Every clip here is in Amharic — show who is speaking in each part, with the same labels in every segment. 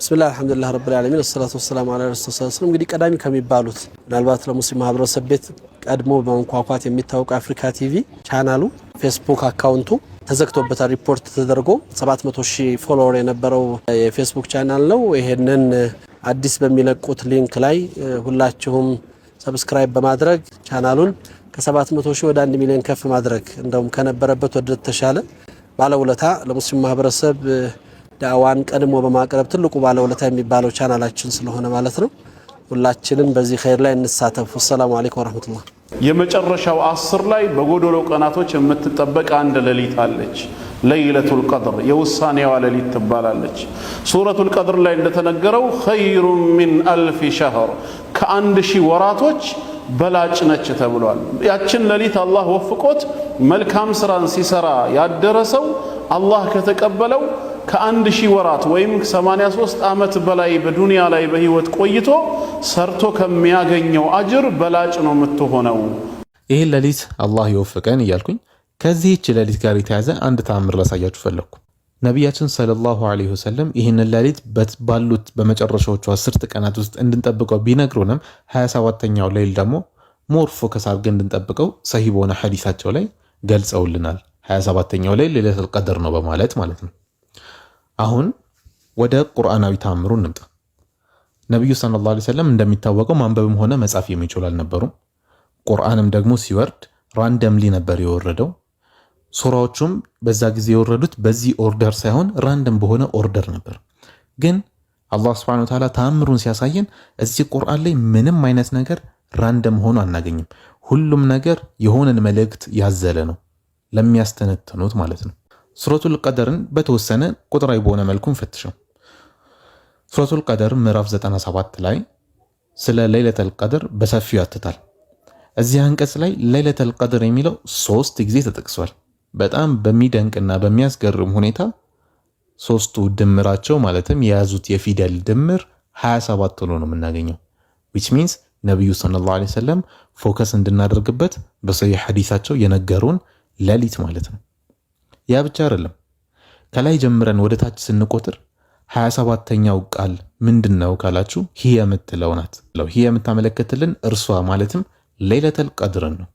Speaker 1: ብስሚላ አልሐምዱሊላህ ረብል ዓለሚን ሰላቱ ወሰላሙ ዐላ ረሱሊላህ ሰለላሁ እንግዲህ ቀዳሚ ከሚባሉት ምናልባት ለሙስሊም ማህበረሰብ ቤት ቀድሞ በመንኳኳት የሚታወቅ አፍሪካ ቲቪ ቻናሉ ፌስቡክ አካውንቱ ተዘግቶበታል። ሪፖርት ተደርጎ 700 ሺህ ፎሎወር የነበረው የፌስቡክ ቻናል ነው። ይሄንን አዲስ በሚለቁት ሊንክ ላይ ሁላችሁም ሰብስክራይብ በማድረግ ቻናሉን ከ700 ሺህ ወደ 1 ሚሊዮን ከፍ ማድረግ እንደውም ከነበረበት ወደ ተሻለ ባለውለታ ለሙስሊም ማህበረሰብ ዳዋን ቀድሞ በማቅረብ ትልቁ ባለውለታ የሚባለው ቻናላችን ስለሆነ ማለት ነው። ሁላችንም በዚህ ኸይር ላይ እንሳተፉ። ሰላሙ አለይኩም ወረህመቱላህ።
Speaker 2: የመጨረሻው አስር ላይ በጎዶሎ ቀናቶች የምትጠበቅ አንድ ሌሊት አለች። ለይለቱል ቀድር የውሳኔዋ ሌሊት ትባላለች። ሱረቱል ቀድር ላይ እንደተነገረው ኸይሩን ሚን አልፊ ሸህር ከአንድ ሺህ ወራቶች በላጭ ነች ተብሏል። ያችን ሌሊት አላህ ወፍቆት መልካም ስራን ሲሰራ ያደረሰው አላህ ከተቀበለው ከአንድ ሺህ ወራት ወይም 83 ዓመት በላይ በዱንያ ላይ በህይወት ቆይቶ ሰርቶ ከሚያገኘው አጅር በላጭ ነው የምትሆነው።
Speaker 3: ይህን ሌሊት አላህ ይወፍቀን እያልኩኝ ከዚህች ሌሊት ጋር የተያዘ አንድ ተአምር ላሳያችሁ ፈለግኩ። ነቢያችን ሰለላሁ ዐለይሂ ወሰለም ይህን ሌሊት ባሉት በመጨረሻዎቹ አስርት ቀናት ውስጥ እንድንጠብቀው ቢነግሩንም 27ተኛው ሌሊት ደግሞ ሞር ፎከስ አድርገን እንድንጠብቀው ሰሂህ በሆነ ሐዲሳቸው ላይ ገልጸውልናል። 27ተኛው ሌሊት ሌሊተል ቀድር ነው በማለት ማለት ነው። አሁን ወደ ቁርአናዊ ተአምሩ እንምጣ። ነቢዩ ሰለላሁ ዐለይሂ ወሰለም እንደሚታወቀው ማንበብም ሆነ መጻፍ የሚችሉ አልነበሩም። ቁርአንም ደግሞ ሲወርድ ራንደምሊ ነበር የወረደው። ሱራዎቹም በዛ ጊዜ የወረዱት በዚህ ኦርደር ሳይሆን ራንደም በሆነ ኦርደር ነበር። ግን አላህ ሱብሐነሁ ወተዓላ ተአምሩን ሲያሳየን እዚህ ቁርአን ላይ ምንም አይነት ነገር ራንደም ሆኖ አናገኝም። ሁሉም ነገር የሆነን መልእክት ያዘለ ነው፣ ለሚያስተነትኑት ማለት ነው። ሱረቱል ቀደርን በተወሰነ ቁጥራዊ በሆነ መልኩ እንፈትሸው። ሱረቱል ቀደር ምዕራፍ 97 ላይ ስለ ሌለተ ቀደር በሰፊው ያትታል። እዚህ አንቀጽ ላይ ሌይለተል ቀደር የሚለው ሶስት ጊዜ ተጠቅሷል። በጣም በሚደንቅና በሚያስገርም ሁኔታ ሶስቱ ድምራቸው ማለትም የያዙት የፊደል ድምር 27 ሆኖ ነው የምናገኘው። ዊች ሚንስ ነቢዩ ሰለላሁ ዐለይሂ ወሰለም ፎከስ እንድናደርግበት በሰሂህ ሐዲሳቸው የነገሩን ሌሊት ማለት ነው። ያ ብቻ አይደለም። ከላይ ጀምረን ወደ ታች ስንቆጥር ሀያ ሰባተኛው ቃል ምንድን ነው ካላችሁ ሂ የምትለው ናት። ሂ የምታመለከትልን እርሷ ማለትም ሌለተል ቀድርን ነው።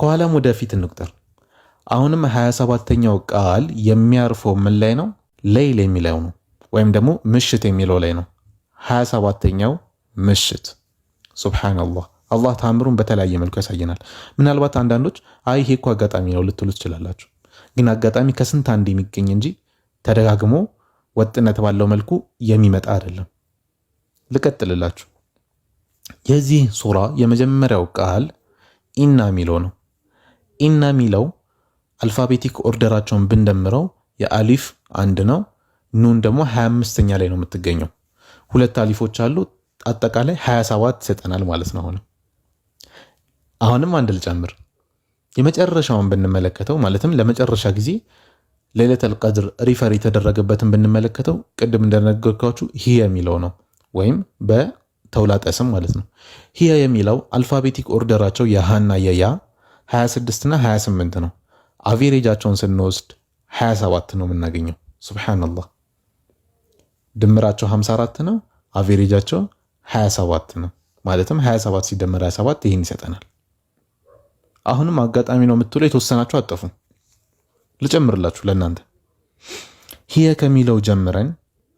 Speaker 3: ከኋላም ወደፊት እንቁጠር። አሁንም ሀያ ሰባተኛው ቃል የሚያርፈው ምን ላይ ነው? ሌይል የሚለው ነው ወይም ደግሞ ምሽት የሚለው ላይ ነው። ሀያ ሰባተኛው ምሽት። ሱብሓነላህ አላህ ታምሩን በተለያየ መልኩ ያሳየናል። ምናልባት አንዳንዶች አይ ይሄ እኮ አጋጣሚ ነው ልትሉ ትችላላችሁ። ግን አጋጣሚ ከስንት አንድ የሚገኝ እንጂ ተደጋግሞ ወጥነት ባለው መልኩ የሚመጣ አይደለም። ልቀጥልላችሁ። የዚህ ሱራ የመጀመሪያው ቃል ኢና ሚለው ነው። ኢና ሚለው አልፋቤቲክ ኦርደራቸውን ብንደምረው የአሊፍ አንድ ነው። ኑን ደግሞ 25ኛ ላይ ነው የምትገኘው። ሁለት አሊፎች አሉ። አጠቃላይ 27 ይሰጠናል ማለት ነው። አሁንም አንድ ልጨምር የመጨረሻውን ብንመለከተው ማለትም ለመጨረሻ ጊዜ ሌለተል ቀድር ሪፈር የተደረገበትን ብንመለከተው ቅድም እንደነገርኳችሁ ሂየ የሚለው ነው ወይም በተውላጠ ስም ማለት ነው። ሂየ የሚለው አልፋቤቲክ ኦርደራቸው የሃና የያ 26 እና 28 ነው። አቬሬጃቸውን ስንወስድ 27 ነው የምናገኘው። ሱብሓነላህ ድምራቸው 54 ነው። አቬሬጃቸው 27 ነው። ማለትም 27 ሲደመር 27 ይህን ይሰጠናል። አሁንም አጋጣሚ ነው የምትሉ የተወሰናችሁ አጠፉ። ልጨምርላችሁ ለእናንተ ሂየ ከሚለው ጀምረን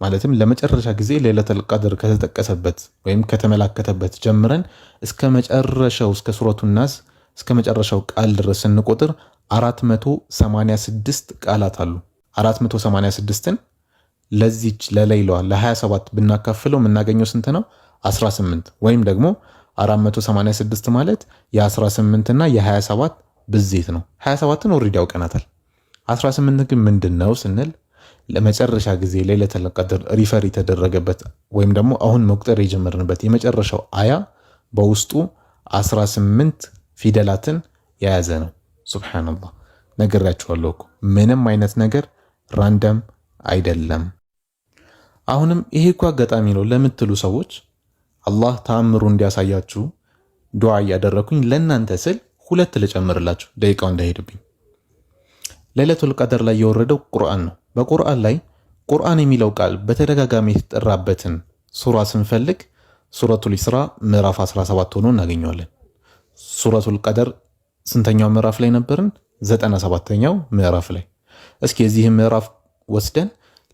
Speaker 3: ማለትም ለመጨረሻ ጊዜ ሌለተል ቀድር ከተጠቀሰበት ወይም ከተመላከተበት ጀምረን እስከ መጨረሻው እስከ ሱረቱ ናስ እስከ መጨረሻው ቃል ድረስ ስንቆጥር 486 ቃላት አሉ። 486ን ለዚች ለሌይሏ ለ27 ብናካፍለው የምናገኘው ስንት ነው? 18 ወይም ደግሞ 486 ማለት የ18 እና የ27 ብዜት ነው። 27ን ኦልሬዲ ያውቀናታል። 18 ግን ምንድን ነው ስንል ለመጨረሻ ጊዜ ላይ ለተለቀደር ሪፈር የተደረገበት ወይም ደግሞ አሁን መቁጠር የጀመርንበት የመጨረሻው አያ በውስጡ 18 ፊደላትን የያዘ ነው። ሱብሓነላህ ነግሬያችኋለሁ እኮ ምንም አይነት ነገር ራንደም አይደለም። አሁንም ይሄ እኮ አጋጣሚ ነው ለምትሉ ሰዎች አላህ ተአምሩ እንዲያሳያችሁ ዱዓ እያደረኩኝ ለእናንተ ስል ሁለት ልጨምርላችሁ፣ ደቂቃው እንዳይሄድብኝ። ሌለቱል ቀደር ላይ የወረደው ቁርአን ነው። በቁርአን ላይ ቁርአን የሚለው ቃል በተደጋጋሚ የተጠራበትን ሱራ ስንፈልግ ሱረቱል ኢስራ ምዕራፍ 17 ሆኖ እናገኘዋለን። ሱረቱል ቀደር ስንተኛው ምዕራፍ ላይ ነበርን? 97ኛው ምዕራፍ ላይ። እስኪ የዚህም ምዕራፍ ወስደን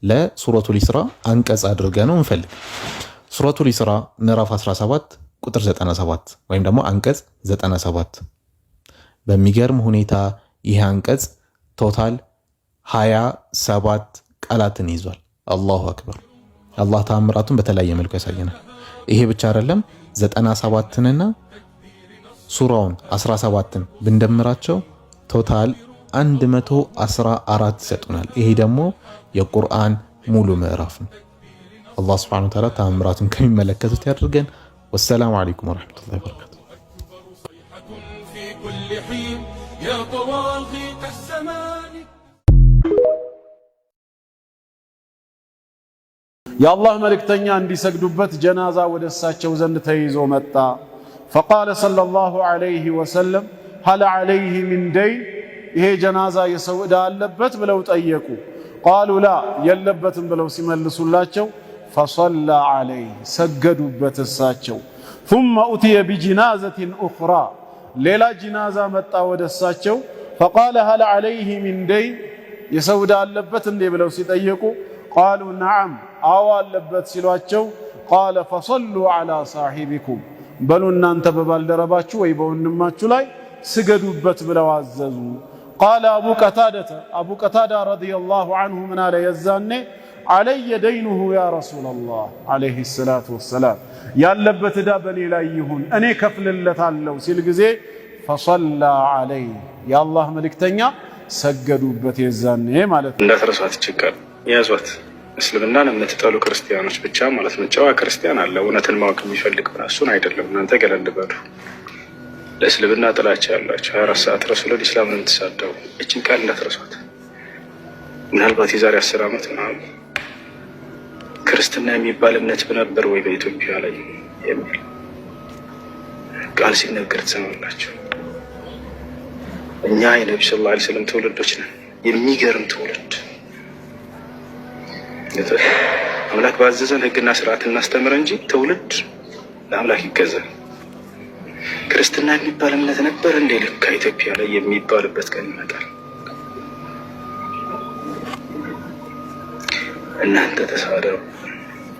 Speaker 3: ለሱረቱል ኢስራ አንቀጽ አድርገ ነው እንፈልግ ሱረቱ ሊስራ ምዕራፍ 17 ቁጥር 97 ወይም ደግሞ አንቀጽ 97። በሚገርም ሁኔታ ይህ አንቀጽ ቶታል 27 ቃላትን ይዟል። አላሁ አክበር! አላህ ተአምራቱን በተለያየ መልኩ ያሳየናል። ይሄ ብቻ አይደለም። 97ንና ሱራውን 17ን ብንደምራቸው ቶታል 114 ይሰጡናል። ይሄ ደግሞ የቁርአን ሙሉ ምዕራፍ ነው። አላህ ስብሐነሁ ወተዓላ ተአምራቱን ከሚመለከቱት ያድርገን። ወሰላሙ አለይኩም ወረሕመቱላሂ ወበረካቱ።
Speaker 4: የአላህ መልእክተኛ እንዲሰግዱበት ጀናዛ ወደ እሳቸው ዘንድ ተይዞ መጣ። ፈቃለ ሰለላሁ አለይህ ወሰለም ሀል ዐለይሂ ሚን ደይን፣ ይሄ ጀናዛ የሰው ዕዳ አለበት ብለው ጠየቁ። ቃሉ ላ የለበትም ብለው ሲመልሱላቸው ፈሰላ ዓለይህ ሰገዱበት። እሳቸው ثመ ኡትየ ቢጅናዘትን ኡኽራ ሌላ ጅናዛ መጣ ወደ እሳቸው። ፈቃለ ሀል ዓለይህ ሚን ደይን የሰው ዕዳ አለበት እንዴ ብለው ሲጠየቁ ቃሉ ነዓም አዎ አለበት ሲሏቸው፣ ቃለ ፈሰሉ ዓላ ሳሒቢኩም በሉ እናንተ በባልደረባችሁ ወይ በወንድማችሁ ላይ ስገዱበት ብለው አዘዙ። ቃለ አቡ ቀታደተ አቡ ቀታዳ ረዲየላሁ ዐንሁ ምናለ የዛኔ ዓለየ ደይኑሁ ያ ረሱለላህ ዓለይሂ ሰላቱ ወሰላም ያለበት ዕዳ በኔ ላይ ይሁን እኔ ከፍልለታለሁ ሲል ጊዜ ፈሰላ አለይ የአላህ መልእክተኛ ሰገዱበት። የዛኔ ማለት ነው።
Speaker 5: እንዳትረሷት ችግር ያዟት። እስልምናን የምትጠሉ ክርስቲያኖች ብቻ ማለት ነው። ጨዋ ክርስቲያን አለ፣ እውነትን ማወቅ የሚፈልግ እሱን አይደለም። እናንተ ገለል በሉ። ለእስልምና ጥላቻ ያላቸው 24 ሰዓት ረሱሉል ኢስላምን የምትሳደቡ እችን ቃል እንዳትረሷት። ምናልባት የዛሬ አስር ዓመት ምናምን ክርስትና የሚባል እምነት ነበር ወይ በኢትዮጵያ ላይ የሚል ቃል ሲነገር ትሰማላቸው። እኛ የነቢ ስ ላ ስለም ትውልዶች ነን። የሚገርም ትውልድ አምላክ ባዘዘን ህግና ስርዓት እናስተምር እንጂ ትውልድ ለአምላክ ይገዛል። ክርስትና የሚባል እምነት ነበር እንደ ልካ ኢትዮጵያ ላይ የሚባልበት ቀን ይመጣል። እናንተ ተሳደቡ፣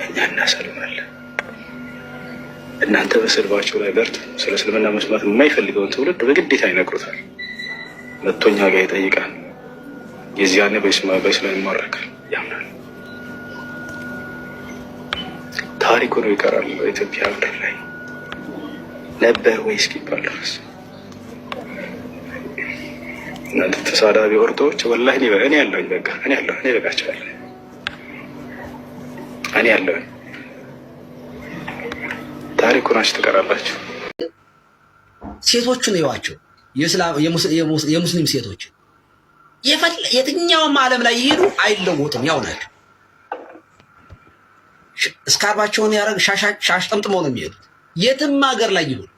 Speaker 5: እኛ እናሰልማለን። እናንተ በስልባችሁ ላይ በርቱ። ስለ እስልምና መስማት የማይፈልገውን ትውልድ በግዴታ ይነግሩታል። መቶኛ ጋር ይጠይቃል። የዚያኔ በኢስላም ይማረካል፣ ያምናል። ታሪኩ ነው ይቀራል። በኢትዮጵያ ምድር ላይ ነበር ወይ እስኪባል ድረስ እናንተ ተሳዳቢ ወርዶች ወላሂ እኔ ያለሁኝ በቃ እኔ ያለሁ እኔ በቃቸዋለሁ። እኔ ያለው ታሪኩ ናችሁ ትቀራላችሁ።
Speaker 6: ሴቶቹን እዩዋቸው፣ የሙስሊም ሴቶች የትኛውም ዓለም ላይ ይሄዱ አይለወጥም ያው ናቸው። እስካርባቸውን ያደረግ ሻሽ ጠምጥመው ነው የሚሄዱት። የትም ሀገር ላይ ይሁን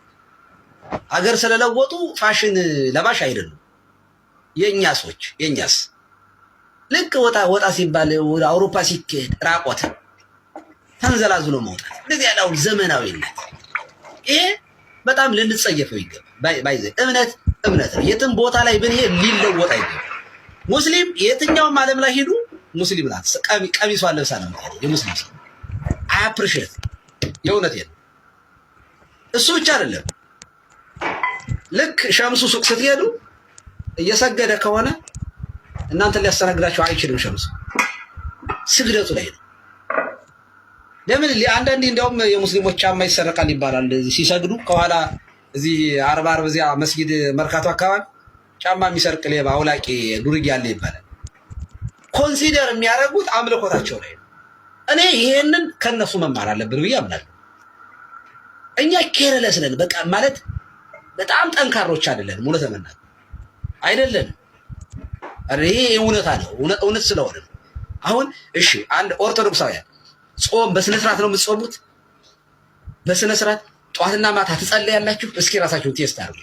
Speaker 6: ሀገር ስለለወጡ ፋሽን ለባሽ አይደሉም። የእኛ ሰዎች የእኛስ ልክ ወጣ ወጣ ሲባል ወደ አውሮፓ ሲኬድ ራቆት ተንዘላዝሎ መውጣት እንደዚህ ያለው ዘመናዊነት ይሄ በጣም ልንጸየፈው ይገባል። ባይዘ እምነት እምነት ነው። የትም ቦታ ላይ ብንሄድ ሊለወጥ አይገባም። ሙስሊም የትኛውም ዓለም ላይ ሄዱ ሙስሊም ናት። ቀሚሷን ለብሳ ነው የምትሄደው። የሙስሊም ሰው አፕሪሼት የእውነት ነው። እሱ ብቻ አይደለም። ልክ ሸምሱ ሱቅ ስትሄዱ እየሰገደ ከሆነ እናንተ ሊያስተናግዳቸው አይችልም። ሸምሱ ስግደቱ ላይ ነው ለምን አንዳንዴ እንዲያውም የሙስሊሞች ጫማ ይሰረቃል ይባላል። ሲሰግዱ ከኋላ እዚህ አርባ አርብ እዚያ መስጊድ መርካቶ አካባቢ ጫማ የሚሰርቅ ሌባ አውላቂ ዱርዬ አለ ይባላል። ኮንሲደር የሚያደርጉት አምልኮታቸው ላይ ነው። እኔ ይሄንን ከነሱ መማር አለብን ብዬ አምናለሁ። እኛ ኬርለስ ነን፣ በቃ ማለት በጣም ጠንካሮች አይደለን፣ እውነት መናገር አይደለንም። ይሄ እውነታ ነው፣ እውነት ስለሆነ አሁን እሺ አንድ ኦርቶዶክሳውያን ጾም በስነ ስርዓት ነው የምትጾሙት? በስነ ስርዓት ጠዋትና ማታ ያላችሁ እስኪ ራሳችሁ ቴስት አድርጉ።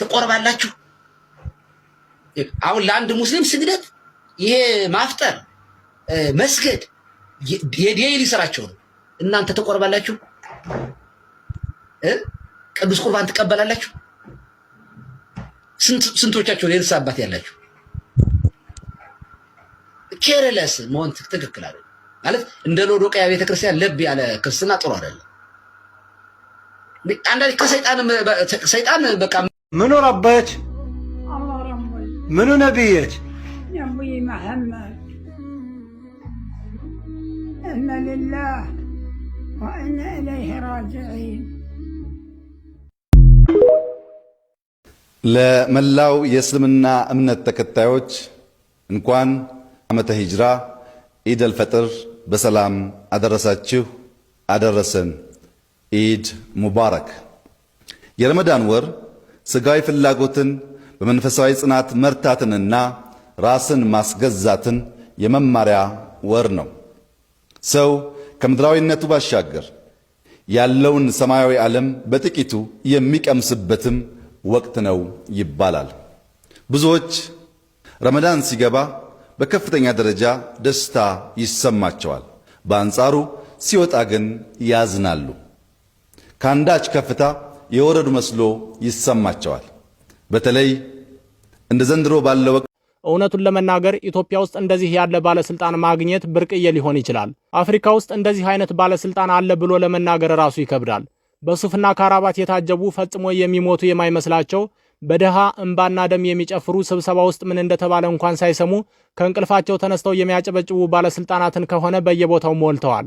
Speaker 6: ትቆርባላችሁ? አሁን ለአንድ ሙስሊም ስግደት ይሄ ማፍጠር መስገድ የዴይሊ ስራቸው ነው። እናንተ ትቆርባላችሁ? ቅዱስ ቁርባን ትቀበላላችሁ? ስንቶቻችሁ የእንስሳ አባት ያላችሁ? ኬርለስ መሆን ትክክል አይደለም። ማለት እንደ ሎዶቅያ ቤተክርስቲያን ለብ ያለ ክርስትና ጥሩ አይደለም። አንዳንድ ከሰይጣን በቃ
Speaker 7: ምኑ ረበች ምኑ ነብየች
Speaker 8: መሐመድ እነ ልላህ ወእነ ኢለይህ ራጅዒን
Speaker 9: ለመላው የእስልምና እምነት ተከታዮች እንኳን ዓመተ ሂጅራ ኢደል ፈጥር በሰላም አደረሳችሁ አደረሰን። ኢድ ሙባረክ። የረመዳን ወር ስጋዊ ፍላጎትን በመንፈሳዊ ጽናት መርታትንና ራስን ማስገዛትን የመማሪያ ወር ነው። ሰው ከምድራዊነቱ ባሻገር ያለውን ሰማያዊ ዓለም በጥቂቱ የሚቀምስበትም ወቅት ነው ይባላል። ብዙዎች ረመዳን ሲገባ በከፍተኛ ደረጃ ደስታ ይሰማቸዋል። በአንጻሩ ሲወጣ ግን ያዝናሉ። ከአንዳች ከፍታ የወረዱ መስሎ ይሰማቸዋል። በተለይ እንደ ዘንድሮ ባለው ወቅት
Speaker 10: እውነቱን ለመናገር ኢትዮጵያ ውስጥ እንደዚህ ያለ ባለስልጣን ማግኘት ብርቅዬ ሊሆን ይችላል። አፍሪካ ውስጥ እንደዚህ አይነት ባለስልጣን አለ ብሎ ለመናገር ራሱ ይከብዳል። በሱፍና ካራባት የታጀቡ ፈጽሞ የሚሞቱ የማይመስላቸው በድሃ እንባና ደም የሚጨፍሩ ስብሰባ ውስጥ ምን እንደተባለ እንኳን ሳይሰሙ ከእንቅልፋቸው ተነስተው የሚያጨበጭቡ ባለስልጣናትን ከሆነ በየቦታው ሞልተዋል።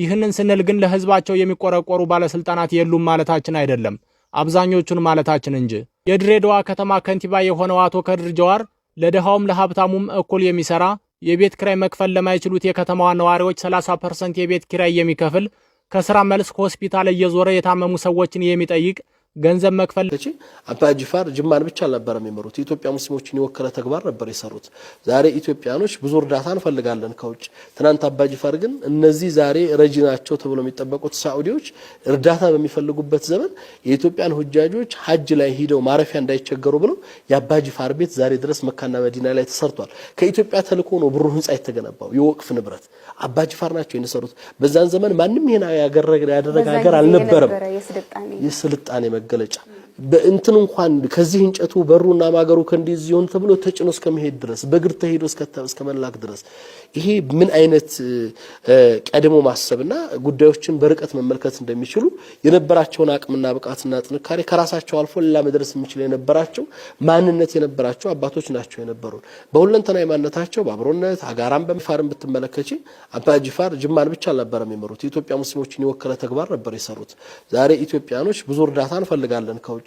Speaker 10: ይህንን ስንል ግን ለህዝባቸው የሚቆረቆሩ ባለስልጣናት የሉም ማለታችን አይደለም፣ አብዛኞቹን ማለታችን እንጂ። የድሬዳዋ ከተማ ከንቲባ የሆነው አቶ ከድር ጀዋር ለድሃውም ለሀብታሙም እኩል የሚሰራ የቤት ኪራይ መክፈል ለማይችሉት የከተማዋ ነዋሪዎች 30 ፐርሰንት የቤት ኪራይ የሚከፍል ከስራ መልስ ሆስፒታል እየዞረ የታመሙ ሰዎችን የሚጠይቅ ገንዘብ መክፈል
Speaker 11: ች አባ ጅፋር ጅማን ብቻ አልነበረም የመሩት የኢትዮጵያ ሙስሊሞችን የወከለ ተግባር ነበር የሰሩት። ዛሬ ኢትዮጵያኖች ብዙ እርዳታ እንፈልጋለን ከውጭ። ትናንት አባ ጅፋር ግን እነዚህ ዛሬ ረጂ ናቸው ተብሎ የሚጠበቁት ሳዑዲዎች እርዳታ በሚፈልጉበት ዘመን የኢትዮጵያን ሁጃጆች ሀጅ ላይ ሂደው ማረፊያ እንዳይቸገሩ ብለው የአባ ጅፋር ቤት ዛሬ ድረስ መካና መዲና ላይ ተሰርቷል። ከኢትዮጵያ ተልኮ ነው ብሩ ህንፃ የተገነባው የወቅፍ ንብረት አባ ጅፋር ናቸው የሰሩት። በዛን ዘመን ማንም ይሄን ያደረገ ሀገር አልነበረም። የስልጣኔ መገለጫ በእንትን እንኳን ከዚህ እንጨቱ በሩና ማገሩ ከእንዲህ ይሆን ተብሎ ተጭኖ እስከመሄድ ድረስ በእግር ተሄዶ እስከ መላክ ድረስ ይሄ ምን አይነት ቀድሞ ማሰብና ጉዳዮችን በርቀት መመልከት እንደሚችሉ የነበራቸውን አቅምና ብቃትና ጥንካሬ ከራሳቸው አልፎ ሌላ መድረስ የሚችል የነበራቸው ማንነት የነበራቸው አባቶች ናቸው የነበሩን። በሁለንተናዊ ማንነታቸው በአብሮነት አጋራን በሚፋርን ብትመለከች አባ ጅፋር ጅማን ብቻ አልነበረም የመሩት የኢትዮጵያ ሙስሊሞችን የወከለ ተግባር ነበር የሰሩት። ዛሬ ኢትዮጵያኖች ብዙ እርዳታ እንፈልጋለን ከውጭ